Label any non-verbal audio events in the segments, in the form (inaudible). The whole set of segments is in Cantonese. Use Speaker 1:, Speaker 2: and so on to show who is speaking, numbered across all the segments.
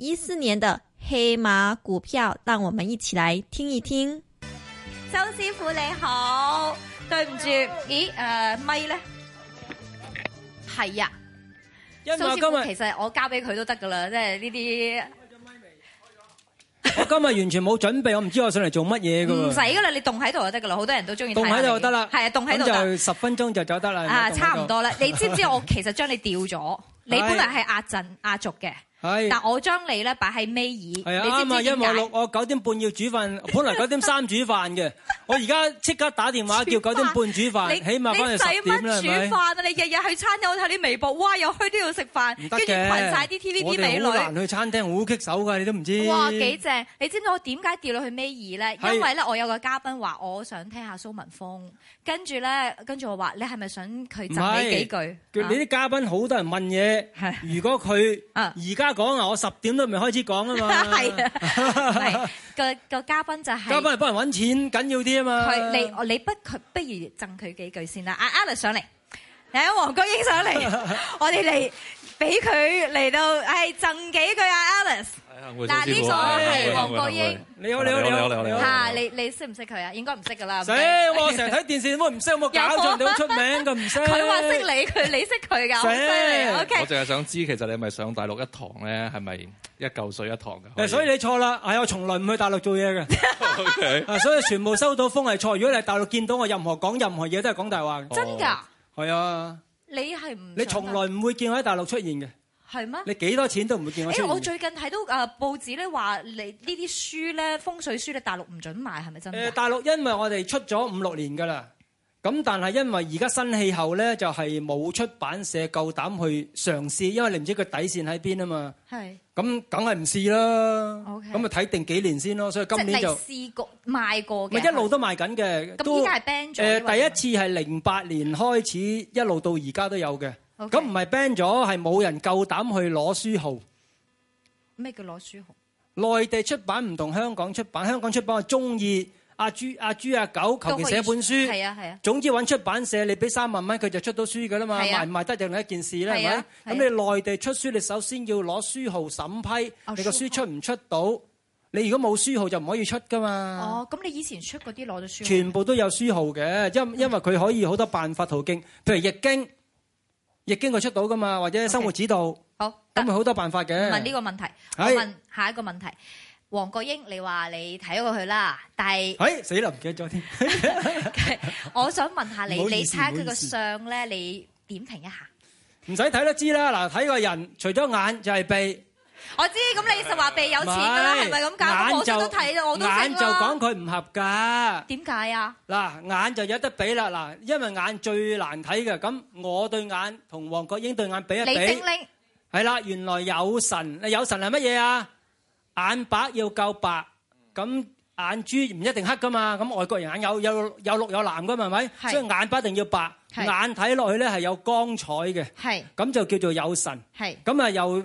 Speaker 1: 一四年的黑馬股票，讓我們一起來聽一聽。周師傅你好，對唔住，咦誒，咪咧？係啊，
Speaker 2: 周師傅，其
Speaker 1: 實我交俾佢都得噶啦，即係呢啲。
Speaker 2: 我今日完全冇準備，我唔知我上嚟做乜嘢噶。唔使
Speaker 1: 噶啦，你凍喺度就得噶啦，好多人都中意凍喺度就得啦。係啊，凍喺度就
Speaker 2: 十分鐘就走得啦。啊，差唔多啦。你知唔知我
Speaker 1: 其實將你掉咗？你本來係壓陣壓軸嘅。但我將你咧擺喺尾二，係啊，你知嘛？因為我六，
Speaker 2: 我九點半要煮飯，本來九點三煮飯嘅，我而家即刻打電話叫九點半煮飯，起碼翻去十點啦，係咪？你使
Speaker 1: 乜煮飯啊？你日日去餐廳，睇你微博，哇，又去呢度食飯，唔得嘅。我哋好難
Speaker 2: 去餐廳，好棘手噶，你都唔知。哇，幾
Speaker 1: 正？你知唔知我點解掉落去尾二咧？因為咧，我有個嘉賓話，我想聽下蘇民峰，跟住咧，跟住我話，你係咪想佢就你幾句？你啲
Speaker 2: 嘉賓好多人問嘢，如果佢而家。講啊！我十點都未開始講啊嘛，係
Speaker 1: 個個嘉賓，就係嘉賓係
Speaker 2: 幫人揾錢緊要啲啊嘛。佢你
Speaker 1: 你不不如贈佢幾句先啦。阿 Alex 上嚟，嚟阿黃國英上嚟，我哋嚟俾佢嚟到係贈幾句阿 Alex。.
Speaker 2: 嗱，呢個係黃國
Speaker 1: 英。你好，你好，你好，你好，
Speaker 2: 你好。嚇，你你識唔識佢啊？應該唔識噶啦。死！我成日睇電視，點解唔識？我假造，你好出名咁唔識。
Speaker 1: 佢話識你，佢你識佢噶，好犀利。O K，我
Speaker 2: 淨係想知，其實你係咪上大陸一堂咧？係咪一嚿水一堂噶？誒，所以你錯啦。係我從來唔去大陸做嘢嘅。O K，啊，所以全部收到風係錯。如果你喺大陸見到我，任何講任何嘢都係講大話。真㗎？係啊。你係唔？
Speaker 1: 你從來唔
Speaker 2: 會見我喺大陸出現嘅。係咩？你幾多錢都唔會見我出。誒，我最
Speaker 1: 近睇到誒報紙咧，話你呢啲書咧，風水書咧，大陸唔准賣，係咪真嘅？誒，大
Speaker 2: 陸因為我哋出咗五六年㗎啦，咁但係因為而家新氣候咧，就係冇出版社夠膽去嘗試，因為你唔知佢底線喺邊啊嘛。係。咁梗係唔試啦。OK。咁啊睇定幾年先咯，所以今年就試
Speaker 1: 過賣過嘅。咪一路
Speaker 2: 都賣緊嘅。咁依家係 ban 咗。誒，第一次係零八年開始，一路到而家都有嘅。咁唔係 ban 咗，係冇 Okay. 人夠膽去攞書號。
Speaker 1: 咩叫攞書號？
Speaker 2: 內地出版唔同香港出版，香港出版我中意阿豬阿、啊、豬阿狗、啊、求其寫本書，係啊啊。啊，總之搵出版社，你俾三萬蚊，佢就出到書噶啦嘛。啊、賣唔賣得就另一件事啦，係咪、啊？咁、啊、你內地出書，你首先要攞書號審批，哦、你個書出唔出到？你如果冇書號就唔可以出噶嘛。
Speaker 1: 哦，咁你以前出嗰啲攞咗書號？全
Speaker 2: 部都有書號嘅、嗯，因因為佢可以好多辦法途徑，譬如易經。亦經過出到噶嘛，或者生活指導，咁咪、okay. 好行好多辦法嘅。問呢個問題，是我問
Speaker 1: 下一個問題。黃國英，你話你睇過佢啦，但係，
Speaker 2: 係、哎、死啦，唔記得咗添。
Speaker 1: (laughs) (laughs) 我想問下你，你睇下佢個相咧，你點評一下？
Speaker 2: 唔使睇都知啦，嗱，睇個人，除咗眼就係鼻，
Speaker 1: 我知，咁你就話比有錢噶啦，係咪咁講？眼就睇啦，我都睇咯。眼就講佢
Speaker 2: 唔合格。點解啊？嗱，眼就有得比啦。嗱，因為眼最難睇嘅。咁我對眼同黃國英對眼比一比。你精靈。係啦，原來有神。有神係乜嘢啊？眼白要夠白。咁眼珠唔一定黑噶嘛。咁外國人眼有有有綠有藍噶嘛，係咪？所以眼白一定要白。眼睇落去咧，係有光彩嘅。係。咁就叫做有神。係。咁啊又。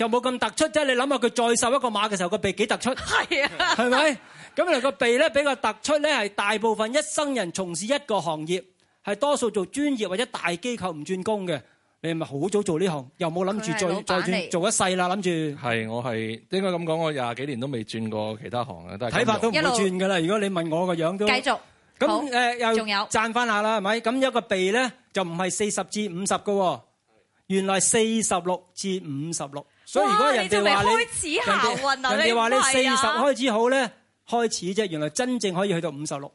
Speaker 2: 就冇咁突出啫！你諗下佢再瘦一個馬嘅時候，個鼻幾突出？係啊，係咪？咁嚟個鼻咧比較突出咧，係大部分一生人從事一個行業，係多數做專業或者大機構唔轉工嘅。你係咪好早做呢行，又冇諗住再再轉做一世啦，諗住。係，我係應該咁講，我廿幾年都未轉過其他行啊，都睇法都唔轉噶啦。如果你問我個樣都繼續咁誒，又讚翻下啦，係咪？咁一個鼻咧就唔係四十至五十嘅喎，原來四十六至五十六。所以如果人哋話你，你話你四十開始好咧，開始啫，原來真正可以去到五十六，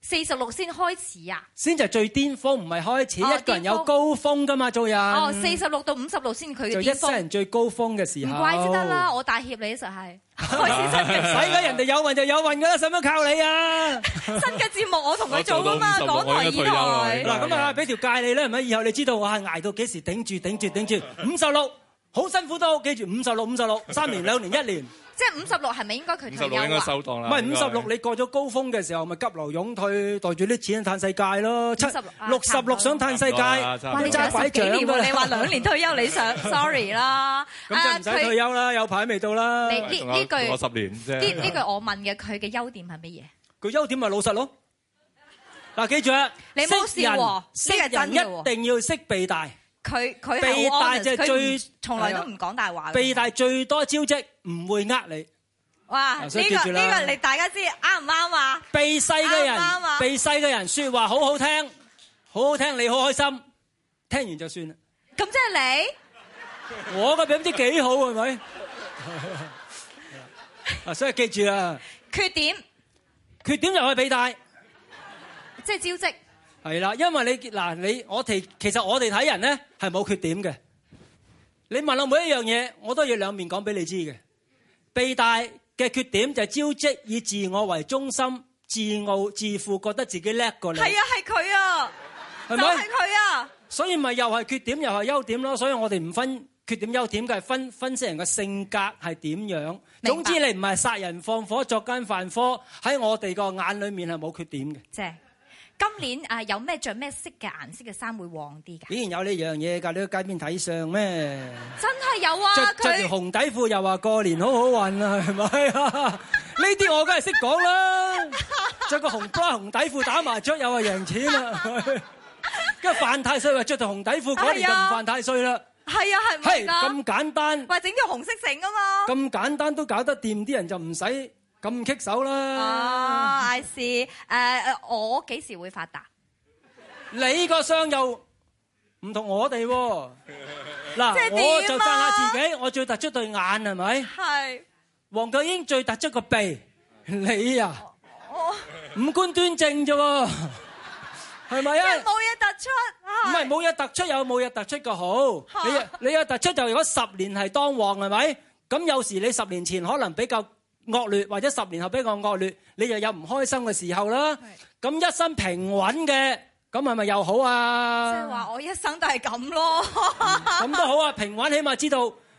Speaker 1: 四十六先開始啊，
Speaker 2: 先就最巔峰，唔係開始，一個人有高峰噶嘛，做人哦，四
Speaker 1: 十六到五十六先佢嘅就一生人
Speaker 2: 最高峰嘅時候，唔怪之得啦，
Speaker 1: 我大歉，你實係開始新嘅，所以人
Speaker 2: 哋有運就有運噶啦，使乜靠你啊？
Speaker 1: 新嘅節目我同佢做㗎嘛，港台二台，嗱咁啊，俾條
Speaker 2: 界你咧，咪以後你知道我係挨到幾時頂住頂住頂住五十六。好辛苦都，記住五十六，五十六，三年、兩年、一年。
Speaker 1: 即係五十六係咪應該佢退休啊？五十六應該收
Speaker 2: 檔啦。唔係五十六，你過咗高峰嘅時候，咪急流勇退，袋住啲錢，嘆世界咯。七六十六想嘆世界。哇！你幾年喎？你話兩年退
Speaker 1: 休，你想？Sorry 啦。咁就唔使退休
Speaker 2: 啦，有排未到啦。呢呢句呢呢句
Speaker 1: 我問嘅，佢嘅優點係乜嘢？
Speaker 2: 佢優點咪老實咯。嗱，記住啊，識人識人一定要識鼻大。
Speaker 1: 佢佢係我佢，從來都唔講大話。鼻大
Speaker 2: 最多招積，唔會呃你。
Speaker 1: 哇！呢個呢個，你大家知啱唔啱啊？
Speaker 2: 鼻細嘅人，鼻細嘅人，說話好好聽，好好聽，你好開心，聽完就算啦。
Speaker 1: 咁即係你？
Speaker 2: 我嘅表弟幾好係咪？所以記住啦。
Speaker 1: 缺點，
Speaker 2: 缺點又可以鼻大，即係招積。係啦，因為你嗱你我哋其實我哋睇人咧係冇缺點嘅。你問我每一樣嘢，我都要兩面講俾你知嘅。弊大嘅缺點就係招積，以自我為中心，自傲自負，覺得自己叻過你。係啊，係佢啊，係咪係佢啊。所以咪又係缺點，又係優點咯。所以我哋唔分缺點優點嘅，係分分析人嘅性格係點樣。總之你唔係殺人放火，作奸犯科，喺我哋個眼裏面係冇缺點嘅。
Speaker 1: 正。今年啊，有咩着咩色嘅顏色嘅衫會旺啲
Speaker 2: 㗎？自然有呢樣嘢，你去街邊睇相咩？
Speaker 1: 真係有啊！著著條
Speaker 2: 紅底褲又話過年好好運啊，係咪啊？呢啲我梗係識講啦。著個紅花紅底褲打麻雀又話贏錢啦。跟住犯太歲啊著條紅底褲，過年就唔犯太歲啦。
Speaker 1: 係啊，係唔係啊？係咁簡單。話整條紅色繩啊嘛。
Speaker 2: 咁簡單都搞得掂，啲人就唔使。咁棘手啦！啊，係
Speaker 1: 事誒，我幾時會發達？
Speaker 2: 你個相又唔同我哋喎。嗱，我就讚下自己，我最突出對眼係咪？係。黃兆英最突出個鼻，你啊，我五官端正啫，係咪啊？冇嘢突出。唔係冇嘢突出，有冇嘢突出嘅好？你你有突出就如果十年係當旺係咪？咁有時你十年前可能比較。惡劣或者十年後比較惡劣，你又有唔開心嘅時候啦。咁是一生平穩嘅，咁係咪又好啊？即係
Speaker 1: 話我一生都係咁咯，
Speaker 2: 咁 (laughs) 都、嗯、好啊。平穩起碼知道。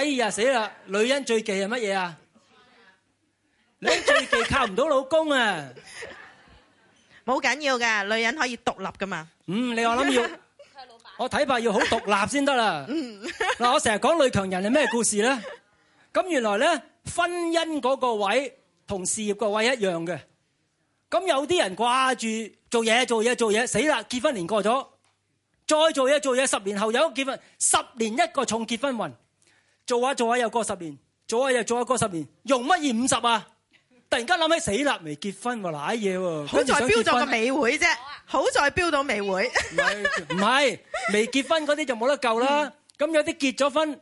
Speaker 2: 哎呀，死啦！女人最忌係乜嘢啊？你最忌靠唔到老公啊，冇緊要噶，女人可以獨立噶嘛。嗯，你我諗要我睇怕要好獨立先得啦。嗱，我成日講女強人係咩故事咧？咁原來咧，婚姻嗰個位同事業個位一樣嘅。咁有啲人掛住做嘢，做嘢，做嘢，死啦！結婚年過咗，再做嘢，做嘢，十年後有結婚，十年一個重結婚運。做下做下又過十年，做下又做下過十年，用乜嘢五十啊？突然間諗起死啦，未結婚喎，瀨嘢喎，好在標咗個美會啫，好在標到美會。唔係未結婚嗰啲就冇得救啦。咁有啲結咗婚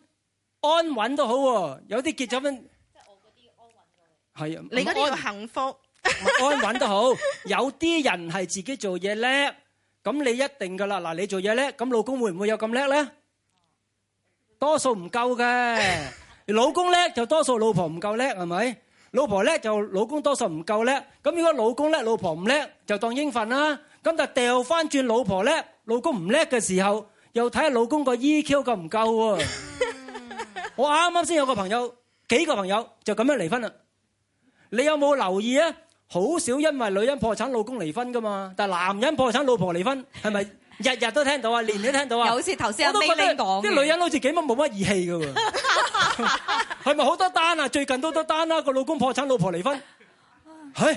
Speaker 2: 安穩都好喎，有啲結咗婚。即係我嗰啲安穩。係啊，你嗰啲要幸福。安穩都好，有啲人係自己做嘢叻，咁你一定㗎啦。嗱，你做嘢叻，咁老公會唔會有咁叻咧？多數唔夠嘅，老公叻就多數老婆唔夠叻，係咪？老婆叻就老公多數唔夠叻。咁如果老公叻，老婆唔叻，就當應份啦。咁但係掉翻轉，老婆叻，老公唔叻嘅時候，又睇下老公個 EQ 夠唔夠喎？我啱啱先有個朋友，幾個朋友就咁樣離婚啦。你有冇留意啊？好少因為女人破產，老公離婚噶嘛。但係男人破產，老婆離婚係咪？日日都聽到啊，年年都聽到啊，好似頭先阿玲玲講，啲女人好似幾乜冇乜義氣㗎喎，係咪好多單啊？最近都多單啦，啊，個老公破產，老婆離婚，係，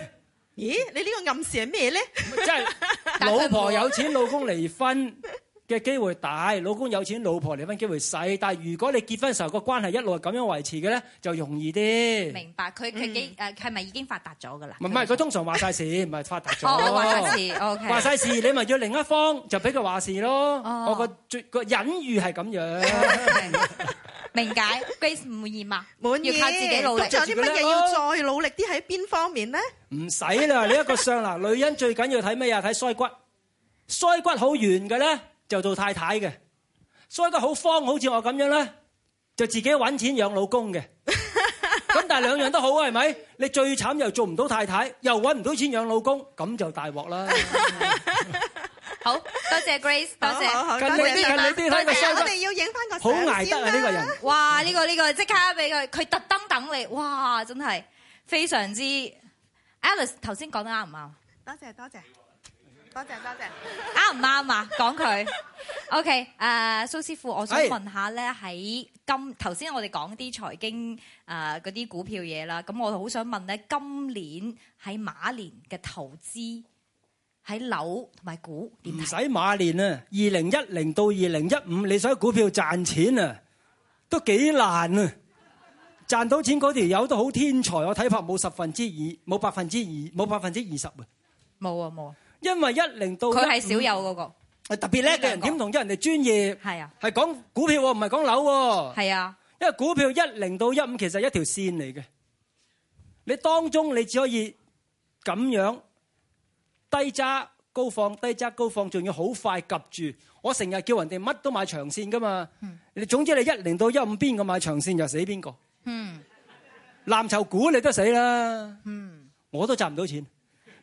Speaker 2: 咦？你呢個暗示係咩咧？即 (laughs) 係老婆有錢，老公離婚。嘅機會大，老公有錢，老婆離婚機會細。但係如果你結婚嘅時候個關係一路咁樣維持嘅咧，就容易啲。明
Speaker 1: 白佢佢幾誒係咪已經發達咗嘅
Speaker 2: 啦？唔係唔係，佢通常話晒事，唔係發達咗。哦，話晒事，OK。話晒事，你咪叫另一方，就俾佢話事咯。我個最個隱喻係咁樣，
Speaker 1: 明解？Grace 滿意嗎？滿意。要靠自己努力。有啲乜嘢要再努力啲喺邊方
Speaker 2: 面咧？唔使啦，你一個相啦，女人最緊要睇乜嘢？睇腮骨，腮骨好圓嘅咧。就做太太嘅，所以都好慌，好似我咁樣咧，就自己揾錢養老公嘅。咁但係兩樣都好啊，係咪？你最慘又做唔到太太，又揾唔到錢養老公，咁就大鑊啦。
Speaker 1: 好多謝 Grace，多謝。咁你啲，咁你啲，我哋要影返個相，好捱得啊呢個人。哇！呢個呢個即刻俾佢，佢特登等你。哇！真係非常之，Alice，頭先講得啱唔啱？多謝多謝。多謝多謝，啱唔啱啊？講佢 OK 誒，蘇師傅，我想問下咧，喺 Hey，今頭先我哋講啲財經誒嗰啲股票嘢啦，咁我好想問咧，今年喺馬年嘅投資喺樓同埋股，唔使
Speaker 2: 馬年啊，二零一零到二零一五，你想股票賺錢啊，都幾難啊，賺到錢嗰條友都好天才，我睇法冇十分之二，冇百分之二，冇百分之二十啊，冇啊冇啊。因為一零到一五佢係少有嗰個，係特別叻嘅人，點同啫？人哋專業係啊，係講股票，唔係講樓。係啊，因為股票一零到一五其實係一條線嚟嘅，你當中你只可以咁樣低揸高放，低揸高放，仲要好快及住。我成日叫人哋乜都買長線噶嘛你總之你一零到一五邊個買長線就死邊個。嗯，藍籌股你都死啦。嗯，我都賺唔到錢。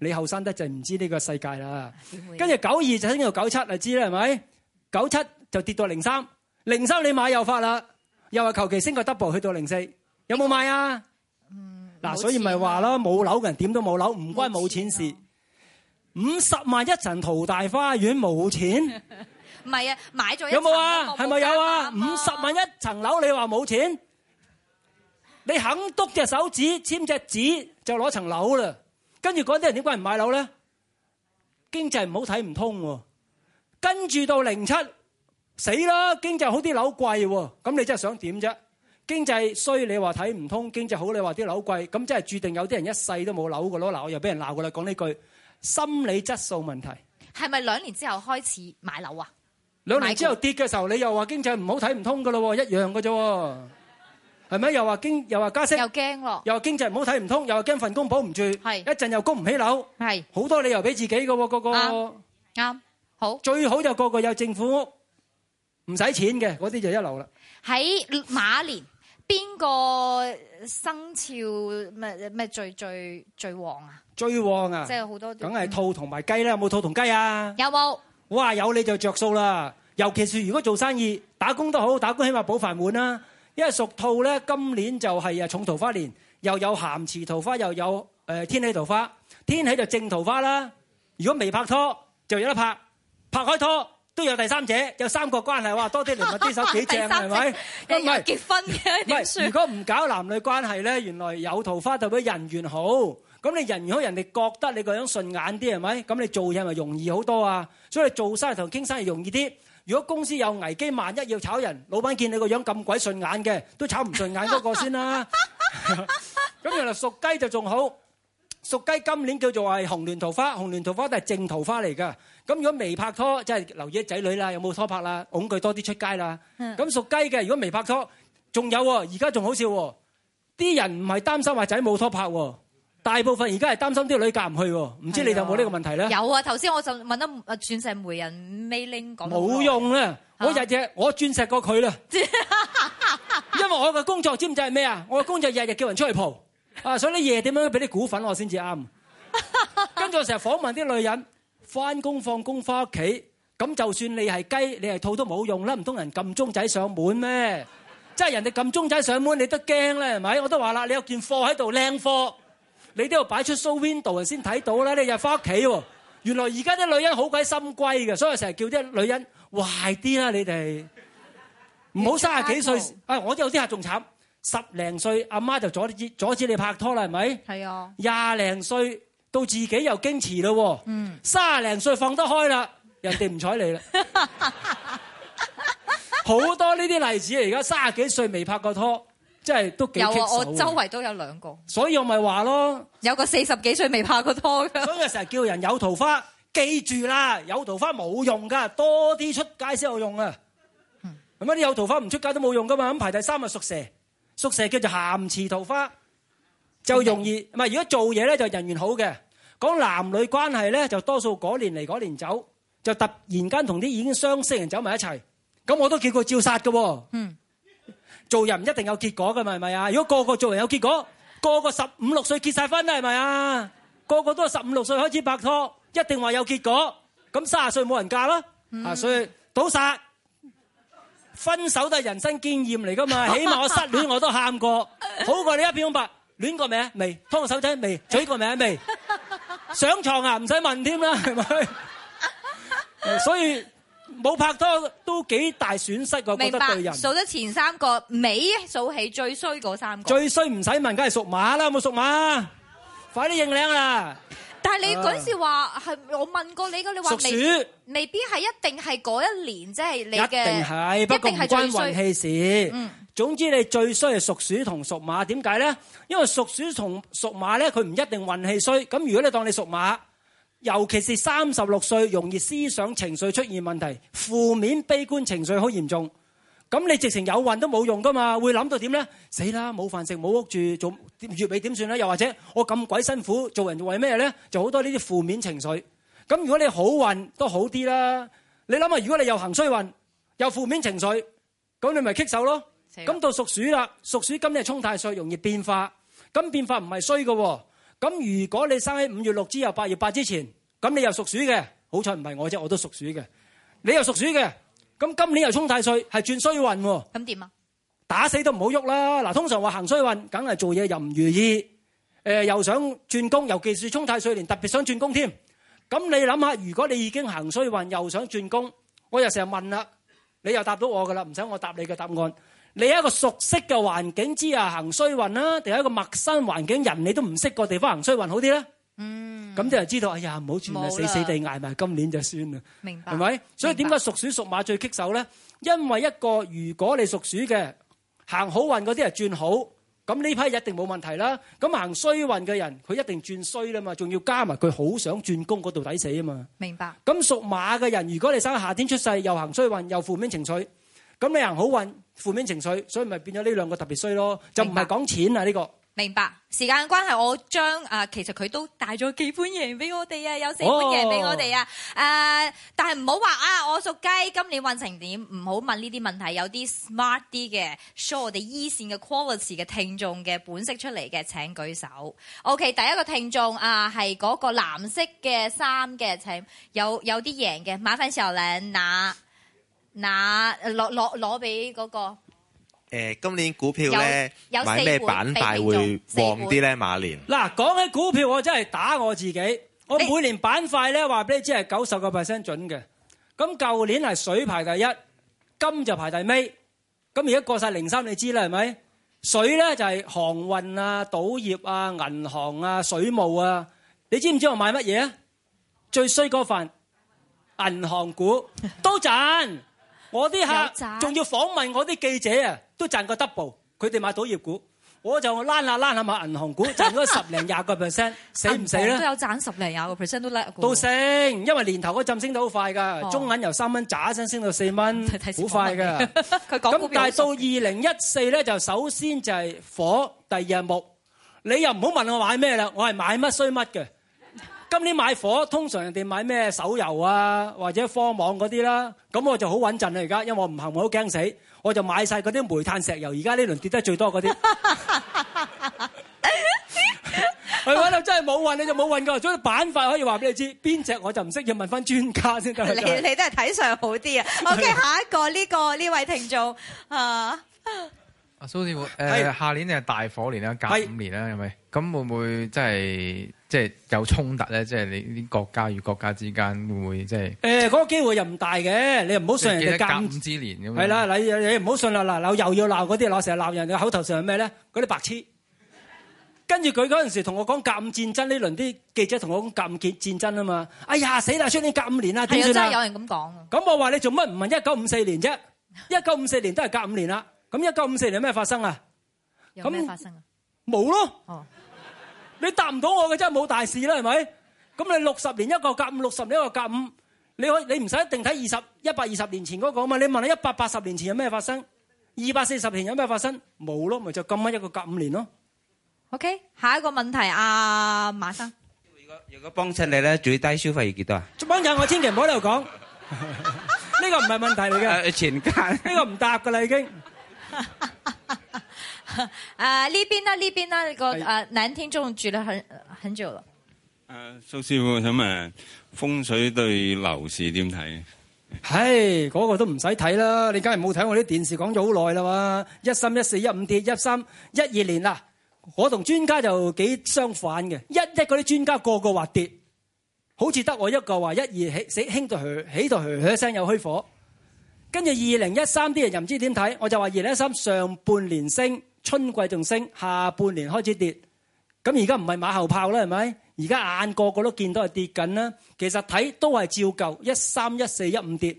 Speaker 2: 你後生得就唔知呢個世界啦，跟住九二就升到九七，就知啦，係咪？九七就跌到零三，零三你買又發啦，又話求其升個 double 去到零四，有冇買啊？嗱，所以咪話咯，冇樓嘅人點都冇樓，唔關冇錢事。五十萬一層淘大花園冇錢？
Speaker 1: 唔係啊，買咗有冇啊？係咪有啊？五
Speaker 2: 十萬一層樓，你話冇錢？你肯篤隻手指簽隻紙就攞層樓啦。跟住嗰啲人點解唔買樓咧？經濟唔好睇唔通喎，跟住到零七死啦！經濟好啲樓貴喎，咁你真係想點啫？經濟衰你話睇唔通，經濟好你話啲樓貴，咁即係註定有啲人一世都冇樓噶咯。嗱，我又俾人鬧過啦，講呢句心理質素問題。
Speaker 1: 係咪兩年之後開始買樓啊？
Speaker 2: 兩年之後跌嘅時候，你又話經濟唔好睇唔通噶咯，一樣噶啫喎。係咪又話經又話加息？又驚咯！又話經濟唔好睇唔通，又話驚份工保唔住。係一陣又供唔起樓。係好多理由俾自己嘅喎，個個啱好最好就個個有政府屋，唔使錢嘅嗰啲就一流啦。
Speaker 1: 喺馬年邊個生肖咩咩最最最旺啊？
Speaker 2: 最旺啊！即係好多梗係兔同埋雞啦，有冇兔同雞啊？有冇？哇，有你就着數啦，尤其是如果做生意、打工都好，打工起碼保飯碗啦。因為屬兔咧，今年就係啊重桃花年，又有鹹池桃花，又有誒天喜桃花。天喜就正桃花啦。如果未拍拖，就有得拍；拍開拖都有第三者，有三角關係。哇，多啲聯絡啲手幾正係咪？唔係結婚嘅。唔係如果唔搞男女關係咧，原來有桃花代表人緣好。咁你人緣好，人哋覺得你個樣順眼啲係咪？咁你做嘢咪容易好多啊！所以你做生意同傾生意容易啲。如果公司有危機，萬一要炒人，老闆見你個樣咁鬼順眼嘅，都炒唔順眼嗰個先啦。咁原來屬雞就仲好，屬雞今年叫做係紅鸞桃花，紅鸞桃花都係正桃花嚟㗎。咁如果未拍拖，即係留意仔女啦，有冇拖拍啦？恐懼多啲出街啦。咁屬雞嘅如果未拍拖，仲有喎，而家仲好笑喎，啲人唔係擔心話仔冇拖拍喎。大部分而家係擔心啲女嫁唔去喎，唔知你就冇呢個問題咧？
Speaker 1: 有啊，頭先我就問得啊鑽石媒人 mailing 講。冇用
Speaker 2: 啦，我日日我鑽石過佢啦，因為我嘅工作知唔知係咩啊？我嘅工作日日叫人出去蒲，啊，所以你夜點樣俾啲股份我先至啱。跟住我成日訪問啲女人，翻工放工翻屋企，咁就算你係雞，你係兔都冇用啦，唔通人撳鐘仔上門咩？即係人哋撳鐘仔上門，你都驚咧，係咪？我都話啦，你有件貨喺度，靚貨。你都要擺出 show window 先睇到啦！你又返屋企喎，原來而家啲女人好鬼心機嘅，所以成日叫啲女人壞啲啦！你哋唔好三十幾歲啊、哎！我都有啲客仲慘，十零歲阿媽就阻止阻止你拍拖啦，係咪？係啊！廿零歲到自己又矜持咯，嗯，三十零歲放得開啦，人哋唔睬你啦。好 (laughs) 多呢啲例子，而家三十幾歲未拍過拖。即係都幾棘手。有啊，我周
Speaker 1: 圍都有兩個。
Speaker 2: 所以我咪話咯，有個四十幾歲未拍過拖㗎。所以成日叫人有桃花，記住啦，有桃花冇用噶，多啲出街先有用啊。咁啊，啲有桃花唔出街都冇用噶嘛。咁排第三啊，屬蛇，屬蛇叫做咸池桃花，就容易唔係。如果做嘢咧，就人緣好嘅。講男女關係咧，就多數嗰年嚟嗰年走，就突然間同啲已經相識嘅人走埋一齊。咁我都叫過照殺嘅喎。嗯。做人唔一定有結果噶嘛，係咪啊？如果個個做人有結果，個個十五六歲結曬婚啦，係咪啊？個個都係十五六歲開始拍拖，一定話有結果，咁三十歲冇人嫁咯。啊，所以賭殺分手都係人生經驗嚟噶嘛，起碼我失戀我都喊過，好過你一片空白。戀過未啊？未。拖過手仔未？嘴過未啊？未。上牀啊？唔使問添啦，係咪？所以。冇拍拖都幾大損失㗎，覺得對人數得
Speaker 1: 前三個尾數起最衰嗰三個，最
Speaker 2: 衰唔使問，梗係屬馬啦。有冇屬馬？快啲認領啦！
Speaker 1: 但係你嗰時話係我問過你噶，你話屬鼠，未必係一定係嗰一年即係你嘅，一定係，不過唔關運氣
Speaker 2: 事。總之你最衰係屬鼠同屬馬，點解咧？因為屬鼠同屬馬咧，佢唔一定運氣衰。咁如果你當你屬馬。尤其是三十六歲，容易思想情緒出現問題，負面悲觀情緒好嚴重。咁你直情有運都冇用噶嘛？會諗到點咧？死啦！冇飯食，冇屋住，做月尾點算咧？又或者我咁鬼辛苦做人做為咩咧？就好多呢啲負面情緒。咁如果你好運都好啲啦。你諗下，如果你又行衰運，又負面情緒，咁你咪棘手咯。咁到屬鼠啦，屬鼠今年沖太歲，容易變化。咁變化唔係衰噶。咁如果你生喺五月六之後八月八之前。咁你又屬鼠嘅，好彩唔係我啫，我都屬鼠嘅。你又屬鼠嘅，咁今年又沖太歲，係轉衰運喎。咁點啊？打死都唔好喐啦！嗱，通常話行衰運，梗係做嘢又唔如意，誒，又想轉工，尤其是沖太歲年，特別想轉工添。咁你諗下，如果你已經行衰運，又想轉工，我又成日問啦，你又答到我噶啦，唔使我答你嘅答案。你喺一個熟悉嘅環境之下行衰運啦，定係一個陌生環境，人你都唔識個地方行衰運好啲咧？嗯，咁就知道，哎呀，唔好轉啦，死死地捱埋今年就算啦，明白係咪？所以點解屬鼠屬馬最棘手咧？因為一個，如果你屬鼠嘅行好運嗰啲人轉好，咁呢批一定冇問題啦。咁行衰運嘅人，佢一定轉衰啦嘛，仲要加埋佢好想轉工嗰度抵死啊嘛。明白。咁屬馬嘅人，如果你生喺夏天出世，又行衰運，又負面情緒，咁你行好運，負面情緒，所以咪變咗呢兩個特別衰咯，就唔係講錢啊呢個。
Speaker 1: 明白，時間嘅關係，我將啊其實佢都帶咗幾款贏俾我哋啊，有四款贏俾我哋啊，誒、oh. 呃，但係唔好話啊，我屬雞今年運程點？唔好問呢啲問題，有啲 smart 啲嘅，show 我哋 E 線嘅 quality 嘅聽眾嘅本色出嚟嘅，請舉手。OK，第一個聽眾啊，係、呃、嗰個藍色嘅衫嘅，請有有啲贏嘅，麻煩時候咧拿拿攞攞攞俾嗰個。
Speaker 2: 誒，今年股票咧有買咩板塊會旺啲咧？馬年嗱，講起股票，我真係打我自己。我每年板塊咧話俾你知係九十個 percent 準嘅。咁舊年係水排第一，金就排第尾。咁而家過晒零三，你知啦係咪？水咧就係航運啊、賭業啊、銀行啊、水務啊。你知唔知我買乜嘢啊？最衰嗰份銀行股都賺，我啲客仲要訪問我啲記者啊！都賺個 double，佢哋買賭業股，我就拉下拉下買銀行股，賺咗十零廿個 percent，死唔死咧？我都
Speaker 1: 有賺十零廿個 percent 都叻股。到
Speaker 2: 升，因為年頭嗰陣升得好快㗎，中銀由三蚊渣一聲升到四蚊，好快㗎。佢講股票，咁但係到二零一四咧，就首先就係火，第二日木，你又唔好問我買咩啦，我係買乜衰乜嘅。今年買火，通常人哋買咩手遊啊，或者科網嗰啲啦。咁我就好穩陣啦，而家，因為我唔行，我好驚死，我就買晒嗰啲煤炭石油。而家呢輪跌得最多嗰啲，係咪真係冇運你就冇運㗎？仲有板塊可以話俾你知邊隻，我就唔識要問翻專家先得。你你都係睇上好啲啊。OK，下一個呢個呢位聽眾啊，阿蘇師傅，誒，下年就係大火年啦，隔五年啦，係咪？咁會唔會真係？即係有衝突咧，即係你啲國家與國家之間會唔會即係？誒，嗰個機會又唔大嘅，你又唔好信人哋甲午之年咁。係啦，嗱，你唔好信啦，嗱，鬧又要鬧嗰啲咯，成日鬧人嘅口頭上係咩咧？嗰啲白痴。跟住佢嗰陣時同我講甲午戰爭呢輪，啲記者同我講甲午戰戰爭啊嘛。哎呀，死啦，出年甲午年啦，點算啊？係啊，真係有人咁講。咁我話你做乜唔問一九五四年啫？一九五四年都係甲午年啦。咁一九五四年有咩發生啊？有咩發生啊？冇咯。哦。你答唔到我嘅，真係冇大事啦，係咪？咁你六十年一個甲五，六十年一個甲五，你可以你唔使一定睇二十一百二十年前嗰個啊嘛，你問你一百八十年前有咩發生，二百四十年有咩發生，冇咯，咪就咁啱一個甲五年咯。
Speaker 1: OK，下一個
Speaker 2: 問題啊，馬生。如果如果幫襯你咧，最低消費要幾多啊？幫襯我千祈唔好喺度講，呢個唔係問題嚟嘅。全價呢個唔答噶啦，已經。
Speaker 1: 啊、uh, 呢邊啦，呢邊啦，個啊、uh, 男聽眾住咗很很久啦。
Speaker 2: 啊蘇、uh, 師傅，我想問風水對樓市點睇？唉、 (laughs) 哎，嗰、那個都唔使睇啦，你梗係冇睇我啲電視，講咗好耐啦，一三一四一五跌，一三一二年啦，我同專家就幾相反嘅，一一嗰啲專家個個話跌，好似得我一個話一二起起到去起到去，到去一聲又虛火。跟住二零一三啲人又唔知點睇，我就話二零一三上半年升。春季仲升，下半年開始跌，咁而家唔係馬後炮啦，係咪？而家眼個個都見到係跌緊啦。其實睇都係照舊，一三一四一五跌。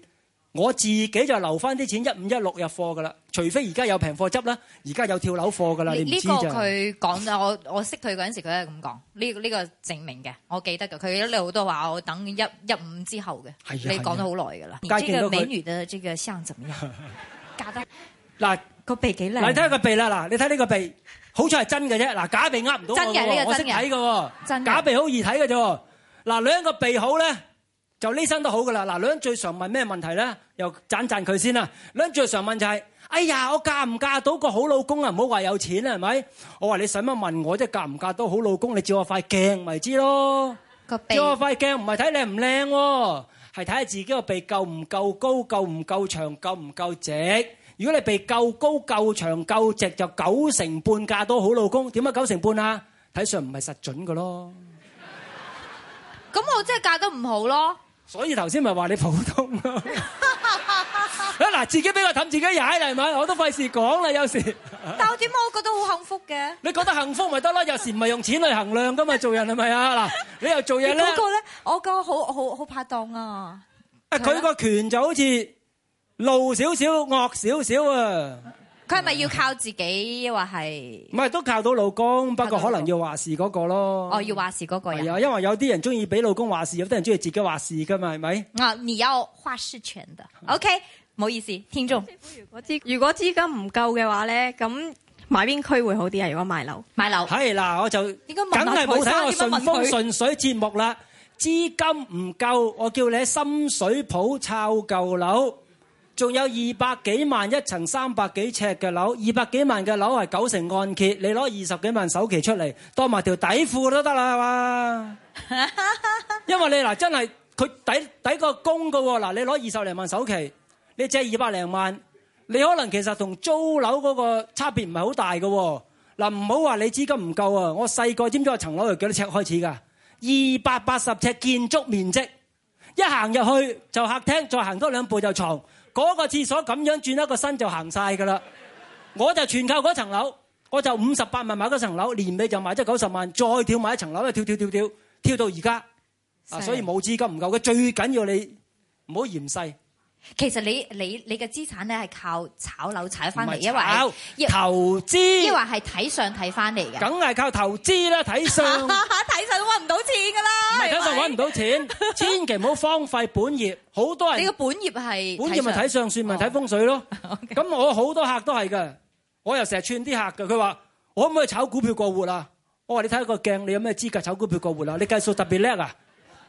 Speaker 2: 我自己就留返啲錢，一五一六入貨㗎喇。除非而家有平貨執啦，而家有跳樓貨㗎喇，你唔知就。呢個佢
Speaker 1: 講，我我識佢嗰陣時，佢係咁講。呢呢個證明嘅，我記得㗎。佢有好多話，我等一一五之後
Speaker 2: 嘅。係啊，你講咗好耐
Speaker 1: 㗎喇。你這個美女
Speaker 2: 嘅呢個相怎麼樣？嗱。個鼻幾靚？你睇下個鼻啦，嗱，你睇呢個鼻，好彩係真嘅啫。嗱，假鼻呃唔到我嘅，我識睇嘅。真嘅，假鼻好易睇嘅啫。嗱，女人個鼻好咧，就呢身都好噶啦。嗱，女人最常問咩問題咧？又讚讚佢先啦。女人最常問就係，哎呀，我嫁唔嫁到個好老公啊？唔好話有錢啊，係咪？我話你使乜問我啫？嫁唔嫁到好老公？你照我塊鏡咪知咯。照我塊鏡唔係睇靚唔靚喎，係睇下自己個鼻夠唔夠高，夠唔夠長，夠唔夠直。如果你被夠高夠長夠直，就九成半嫁到好老公，點解九成半啊？睇上唔係實準㗎咯。
Speaker 1: 咁我真係嫁得唔好咯。
Speaker 2: 所以頭先咪話你普通咯。嗱，自己俾個氹自己踩啦，係咪？我都費事講啦，有時。
Speaker 1: 但係我點解我覺得好幸福嘅？
Speaker 2: 你覺得幸福咪得咯，有時唔係用錢去衡量噶嘛，做人係咪啊？嗱，你又做嘢咧？嗰個咧，
Speaker 1: 我覺得好好好拍檔啊。
Speaker 2: 誒，佢個權就好似路少少，惡少少啊！
Speaker 1: 佢係咪要靠自己，啊、或係
Speaker 2: 唔係都靠到老公？老公不過可能要話事嗰個咯。哦，要話事嗰個人，啊，因為有啲人中意俾老公話事，有啲人中意自己話事噶嘛，係咪
Speaker 1: 啊？你要話事權嘅 OK 唔好意思，聽眾。如果資如果資金唔夠嘅話咧，咁買邊區會好啲啊？如果買樓，買樓係
Speaker 2: 嗱，我就梗係冇睇個順風順水節目啦。資他金唔夠，我叫你喺深水埗抄舊樓。仲有二百幾萬一層三百幾尺嘅樓，二百幾萬嘅樓係九成按揭，你攞二十幾萬首期出嚟當埋條底褲都得啦。係咪？ (laughs) 因為你嗱真係佢抵抵個供噶喎嗱，你攞二十零萬首期，你借二百零萬，你可能其實同租樓嗰個差別唔係好大噶嗱。唔好話你資金唔夠啊！我細個知唔知嗰層樓係幾多尺開始㗎？二百八十尺建築面積，一行入去就客廳，再行多走兩步就床。嗰個廁所咁樣轉一個身就行晒㗎啦，我就全靠嗰層樓，我就五十八萬買嗰層樓，年尾就賣咗九十萬，再跳買一層樓，又跳跳跳跳跳到而家，
Speaker 1: 厲害啊，所以冇
Speaker 2: 資金唔夠嘅，最緊要你唔好嫌細。
Speaker 1: 其實你你你嘅資產咧係靠炒樓踩翻嚟，因為投資資，抑或係睇相睇翻嚟嘅。梗
Speaker 2: 係靠投資啦，睇相
Speaker 1: 睇 (laughs) 相都揾唔到錢噶啦，睇相揾唔
Speaker 2: 到錢，是是千祈唔好荒廢本業。好 (laughs) 多人你嘅本
Speaker 1: 業係本業咪睇
Speaker 2: 相算咪睇、哦、風水咯。咁 Okay. 我好多客都係㗎。我又成日串啲客㗎。佢話，我可唔可以炒股票過活啊？我話，你睇一個鏡，你有咩資格炒股票過活啊？你計數特別叻啊！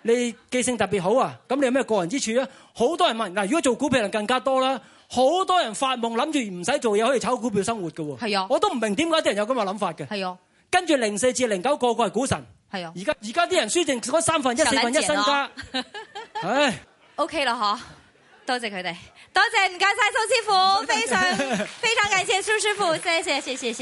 Speaker 2: 你記性特別好啊！咁你有咩個人之處啊？好多人問嗱，如果做股票人更加多啦，好多人發夢諗住唔使做嘢可以炒股票生活嘅喎。係啊，我都唔明點解啲人有咁嘅諗法嘅。係啊，跟住零四至零九個個係股神。係啊，而家而家啲人輸剩三分一四分一身家。O K
Speaker 1: 啦，嚇、okay，多謝佢哋，多謝唔該晒蘇師傅，非常非常感謝蘇師傅，謝謝謝謝謝。謝謝。